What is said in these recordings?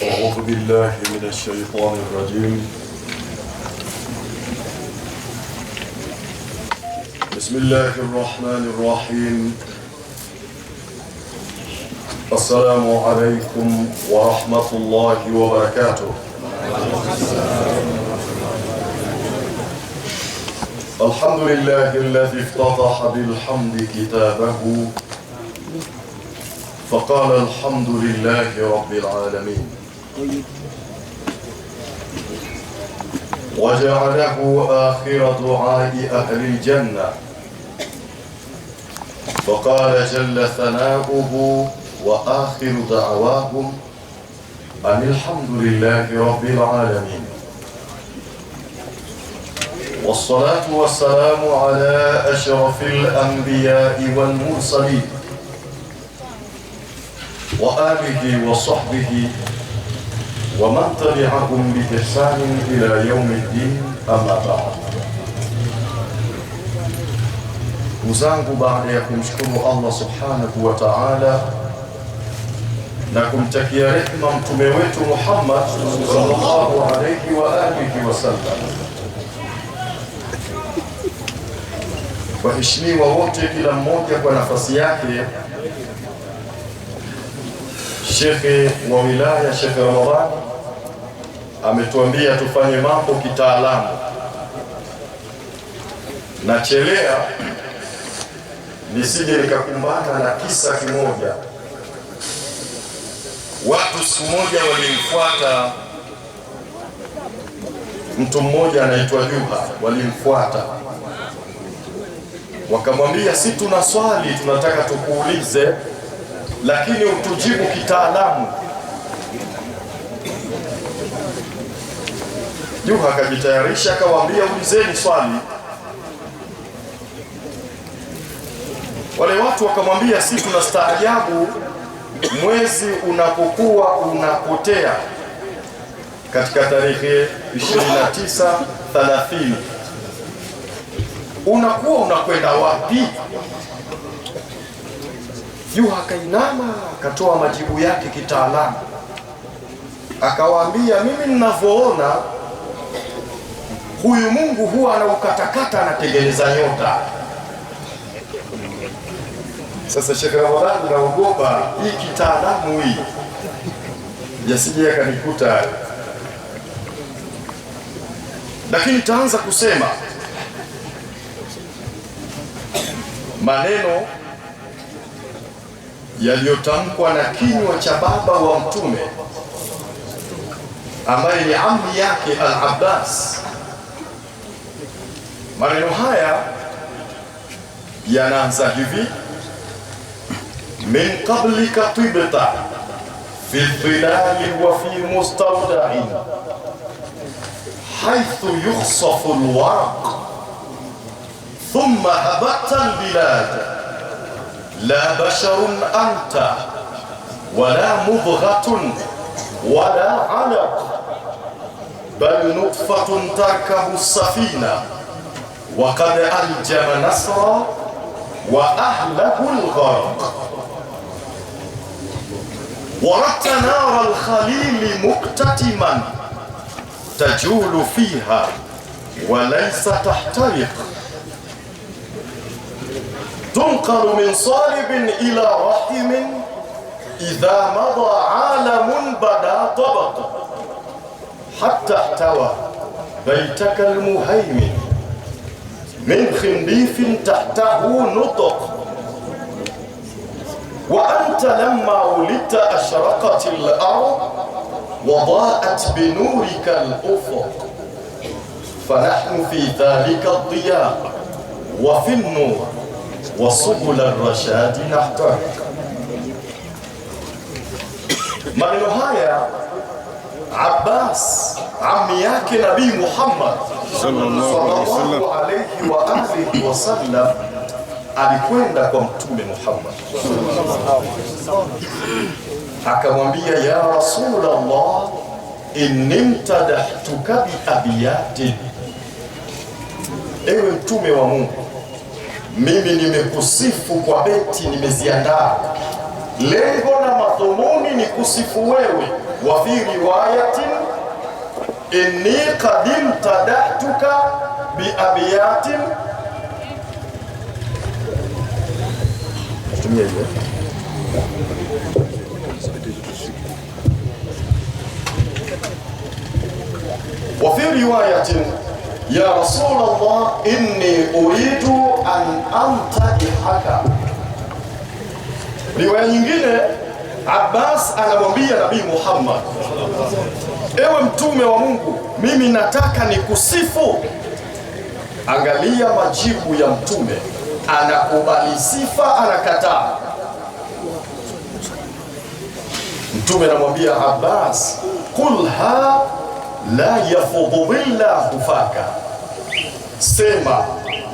أعوذ بالله من الشيطان الرجيم بسم الله الرحمن الرحيم السلام عليكم ورحمة الله وبركاته الحمد لله الذي افتتح بالحمد كتابه فقال الحمد لله رب العالمين طيب. وجعله آخر دعاء أهل الجنة وقال جل ثناؤه وآخر دعواهم أن الحمد لله رب العالمين والصلاة والسلام على أشرف الأنبياء والمرسلين وآله وصحبه ومن تبعهم بإحسان إلى يوم الدين أما بعد وزانك بعد يكم شكر الله سبحانه وتعالى نكم تكي رحمة تميوت محمد صلى الله عليه وآله وسلم waheshimiwa wote kila mmoja kwa nafasi yake shekhe wa ametuambia tufanye mambo kitaalamu. Nachelea nisije nikakumbana na kisa kimoja. Watu siku moja walimfuata mtu mmoja anaitwa Juha, walimfuata wakamwambia, si tuna swali tunataka tukuulize, lakini utujibu kitaalamu. Nuhu akajitayarisha akawaambia, ulizeni swali. Wale watu wakamwambia, si tunastaajabu mwezi unapokuwa unapotea katika tarehe 29 30 unakuwa unakwenda wapi? yuha akainama akatoa majibu yake kitaalamu, akawaambia, mimi ninavyoona huyu Mungu huwa anaukatakata anatengeneza nyota. Sasa Sheikh Ramadhani, naogopa hii kitaalamu hii yasije akanikuta lakini taanza kusema maneno yaliyotamkwa na kinywa cha baba wa Mtume ambaye ni amri yake Al-Abbas Maneno haya yanaanza hivi: min qablika tibta fi dhilali wa fi mustawda'in haythu yukhsafu alwaraq thumma habatta albilad la basharun anta wala mudghatun wala alaq bal nutfatun tarkabu safina وقد أنجب نصرا وأهله الغرق وردت نار الخليل مقتتما تجول فيها وليس تحترق تنقل من صالب إلى رحم إذا مضى عالم بدا طبق حتى احتوى بيتك المهيمن من خنديف تحته نطق وأنت لما ولدت أشرقت الأرض وضاءت بنورك الأفق فنحن في ذلك الضياء وفي النور وسبل الرشاد نحتاج من haya عباس عمياك نبي محمد sallallahu alayhi wa alihi wasallam alikwenda kwa Mtume Muhammad akamwambia, ya Rasulullah, inni mtadahtuka biabiyatin, ewe Mtume wa Mungu, mimi nimekusifu kwa beti nimeziandaa, lengo na madhumuni ni kusifu wewe. Wa fi riwayatin إني قد امتدحتك بأبيات وفي رواية يا رسول الله إني أريد أن أمتدحك رواية عباس أنا anamwambia نبي محمد ewe mtume wa Mungu, mimi nataka nikusifu. Angalia majibu ya mtume, anakubali sifa, anakataa. Mtume anamwambia Abbas, kulha la yafudhu illa hufaka, sema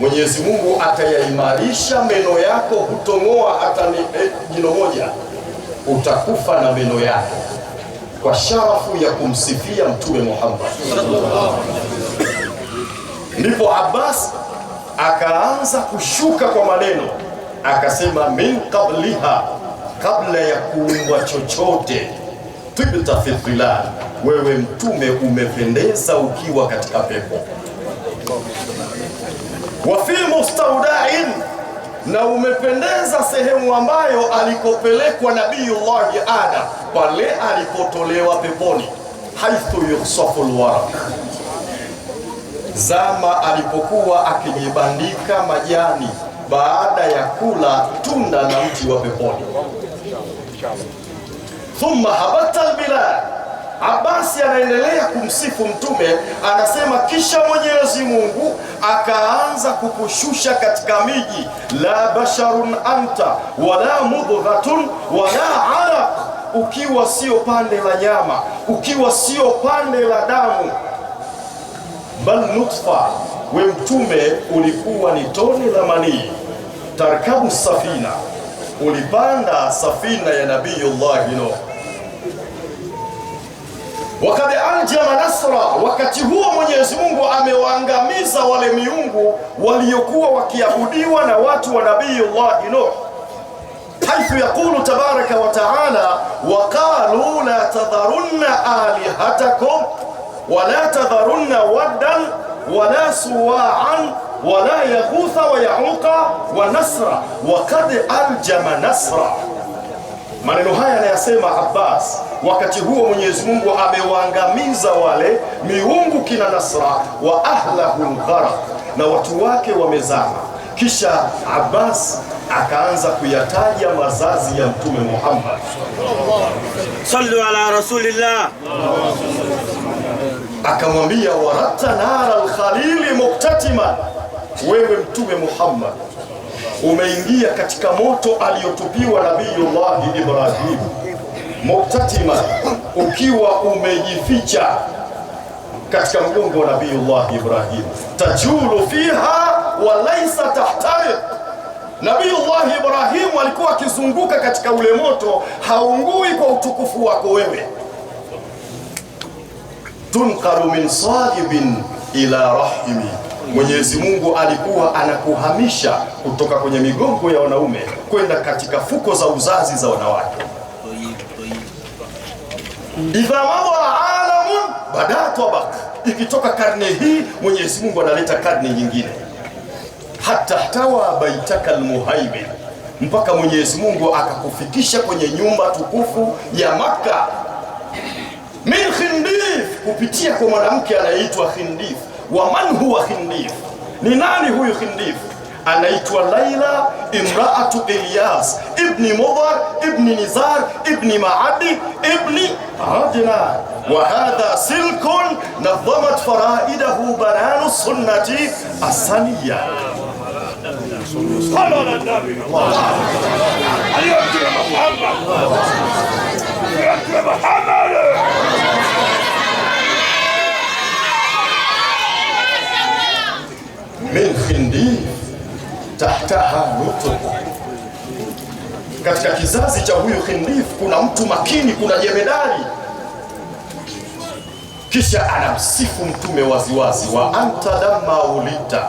Mwenyezi Mungu atayaimarisha meno yako, hutong'oa hata eh, jino moja, utakufa na meno yako kwa sharafu ya kumsifia Mtume Muhammad. Ndipo Abbas akaanza kushuka kwa maneno, akasema min qabliha, kabla ya kuumbwa chochote, tibta fi dhilal, wewe mtume umependeza ukiwa katika pepo, wa fi mustaudain na umependeza sehemu ambayo alikopelekwa Nabiyullahi Adam pale alipotolewa peponi, haithu yusafu lwarak, zama alipokuwa akijibandika majani baada ya kula tunda na mti wa peponi, thumma habata albilad Abasi anaendelea kumsifu Mtume, anasema kisha Mwenyezi Mungu akaanza kukushusha katika miji, la basharun anta wala mudghatun wala ala, ukiwa sio pande la nyama, ukiwa sio pande la damu, bal nutfa, we Mtume ulikuwa ni tone la manii, tarkabu safina, ulipanda safina ya Nabiyullahi Nuh Wakad anjama nasra, wakati huo Mwenyezi Mungu amewaangamiza wale miungu waliokuwa wakiabudiwa na watu wa Nabii nabiyullahi Nuh, haithu yaqulu tabaraka wa taala, waqalu la tadharunna alihatakum wala tadharunna waddan wala suwaan wala yaghutha wa yauqa wa nasra, wakad aljama nasra. Maneno haya anayasema Abbas Wakati huo Mwenyezi Mungu amewaangamiza wale miungu kina Nasra wa ahlahum gharaq, na watu wake wamezama. Kisha Abbas akaanza kuyataja mazazi ya Mtume Muhammad sallu ala rasulillah, akamwambia warata nara alkhalili muktatima, wewe Mtume Muhammad umeingia katika moto aliyotupiwa Nabiyullahi Ibrahim muktatima, ukiwa umejificha katika mgongo wa Nabiyullah Ibrahim, tajulu fiha wa laysa tahtarik. Nabiyullah Ibrahim alikuwa akizunguka katika ule moto, haungui kwa utukufu wako wewe. Tunqalu min sahibin ila rahimi Mwenyezi Mungu alikuwa anakuhamisha kutoka kwenye migongo ya wanaume kwenda katika fuko za uzazi za wanawake idha mabara alamun badaa tabak, ikitoka karne hii Mwenyezi Mungu analeta karne nyingine. Hata tawa baitaka almuhaimin, mpaka Mwenyezi Mungu akakufikisha kwenye nyumba tukufu ya Makka min khindif, kupitia kwa mwanamke anayeitwa Khindif. Wa man huwa Khindif? Ni nani huyu Khindif? anaitwa Laila imraatu Ilyas ibni Mudhar ibni Nizar ibni Maadi ibni Adnan wa hadha silkun nadhamat faraidahu bananu sunnati asaniya صلى على النبي عليه محمد محمد من خنديق tahtaha Katika kizazi cha huyu Khindif kuna mtu makini, kuna jemedari, kisha anamsifu mtume waziwazi, wa anta lamma ulita,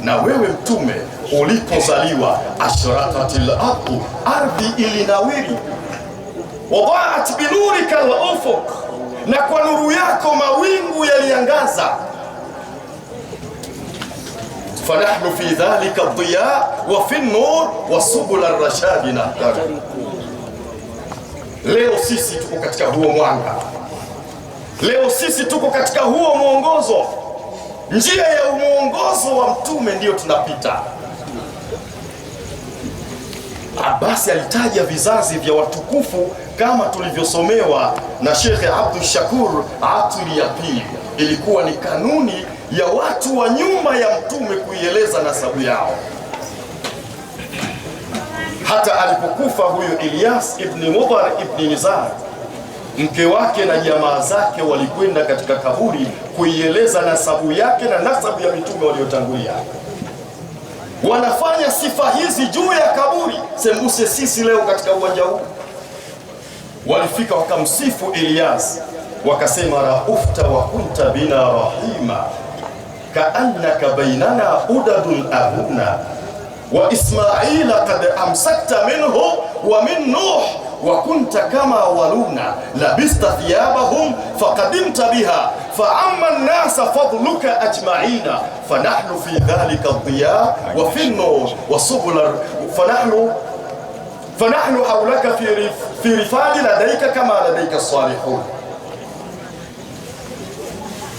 na wewe mtume ulipozaliwa, ashratatil ardu, ardhi ilinawiri, wadaat binurika al ufok na kwa nuru yako mawingu yaliangaza فنحن fi dhalika الضياء وفي النور وسبل الرشاد نهتدي rashadi Leo sisi tuko katika huo mwanga, leo sisi tuko katika huo mwongozo, njia ya mwongozo wa mtume ndiyo tunapita. Abasi alitaja vizazi vya watukufu kama tulivyosomewa na Shekhe Abdul Shakur Atuli ya pili, ilikuwa ni kanuni ya watu wa nyuma ya mtume kuieleza nasabu yao. Hata alipokufa huyo Ilyas ibni Mudhar ibni Nizar, mke wake na jamaa zake walikwenda katika kaburi kuieleza nasabu yake na nasabu ya mitume waliotangulia. Wanafanya sifa hizi juu ya kaburi, sembuse sisi leo katika uwanja huu. Walifika wakamsifu Ilyas wakasema, raufta wa kunta bina rahima كأنك بيننا أدد أبونا وإسماعيل قد أمسكت منه ومن نوح وكنت كما ولونا لبست ثيابهم فقدمت بها فعم الناس فضلك أجمعين فنحن في ذلك الضياء وفي النور وسبل فنحن فنحن حولك في في رفاق لديك كما لديك الصالحون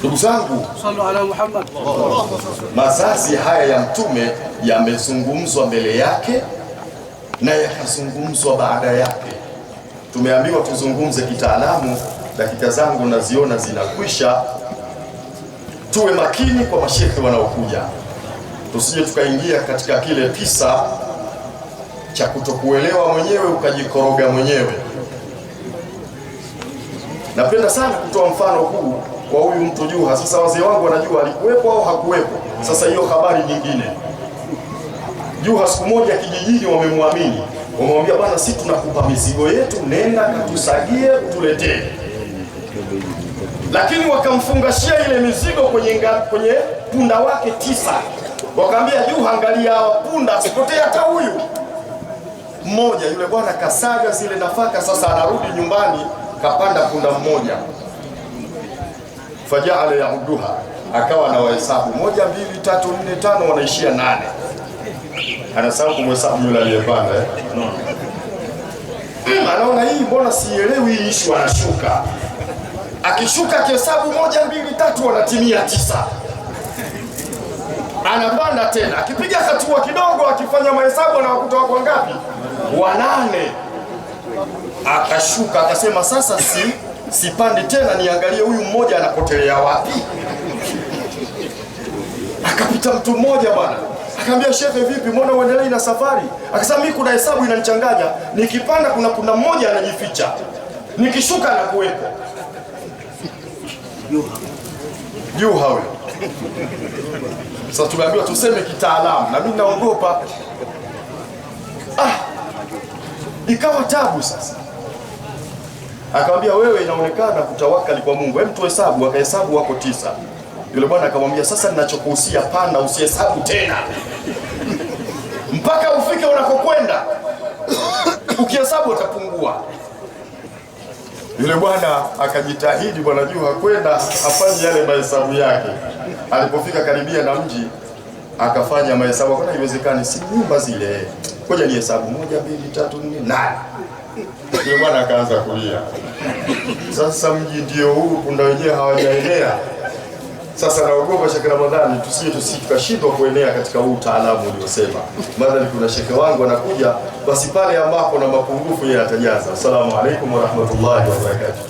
Ndugu zangu, mazazi haya ya Mtume yamezungumzwa mbele yake na yakazungumzwa baada yake. Tumeambiwa tuzungumze kitaalamu, dakika zangu naziona zinakwisha. Tuwe makini kwa mashehe wanaokuja, tusije tukaingia katika kile kisa cha kutokuelewa mwenyewe ukajikoroga mwenyewe. Napenda sana kutoa mfano huu kwa huyu mtu Juha. Sasa wazee wangu wanajua alikuwepo au hakuwepo. Sasa hiyo habari nyingine. Juha siku moja kijijini wamemwamini, wamemwambia bwana, si tunakupa mizigo yetu, nenda katusagie utuletee. Lakini wakamfungashia ile mizigo kwenye, kwenye punda wake tisa, wakaambia Juha, angalia hawa punda asipotee hata huyu mmoja. Yule bwana kasaga zile nafaka, sasa anarudi nyumbani kapanda punda mmoja fajaala yauduha, akawa na wahesabu moja, mbili, tatu, nne, tano, wanaishia nane. Anasahau kumhesabu yule aliyepanda eh? Mm, anaona hii, mbona sielewi hii ishu, anashuka akishuka kihesabu moja, mbili, tatu, wanatimia tisa anapanda tena, akipiga hatua kidogo, akifanya mahesabu anawakuta wako ngapi? Wanane. Akashuka akasema sasa si sipande tena, niangalie huyu mmoja anapotelea wapi. Akapita mtu mmoja bwana, akaambia shehe, vipi, mbona uendelee na safari? Akasema mimi kuna hesabu inanichanganya, nikipanda kuna punda mmoja anajificha, nikishuka anakuwepo. Juha huyo. Sasa tumeambiwa tuseme kitaalamu, na mimi naogopa. Ah, ikawa tabu sasa akamwambia wewe, inaonekana kutawakali kwa Mungu, hebu tuhesabu. Akahesabu wako tisa. Yule bwana akamwambia, sasa ninachokuhusia pana, usihesabu tena mpaka ufike unakokwenda. Ukihesabu utapungua. Yule bwana akajitahidi, bwana juu hakwenda afanye yale mahesabu yake. Alipofika karibia na mji, akafanya mahesabu, akaona iwezekani si nyumba zile, ngoja ni hesabu moja, mbili, tatu, nne, nane yule bwana akaanza kulia. Sasa mji ndio huu, punda wenyewe hawajaenea. Sasa naogopa Sheikh Ramadhani tusije tusi tukashindwa kuenea katika huu utaalamu uliosema. Madhali kuna shekhe wangu anakuja, basi pale ambapo na mapungufu yeye atajaza. Asalamu alaykum wa rahmatullahi wa barakatuh.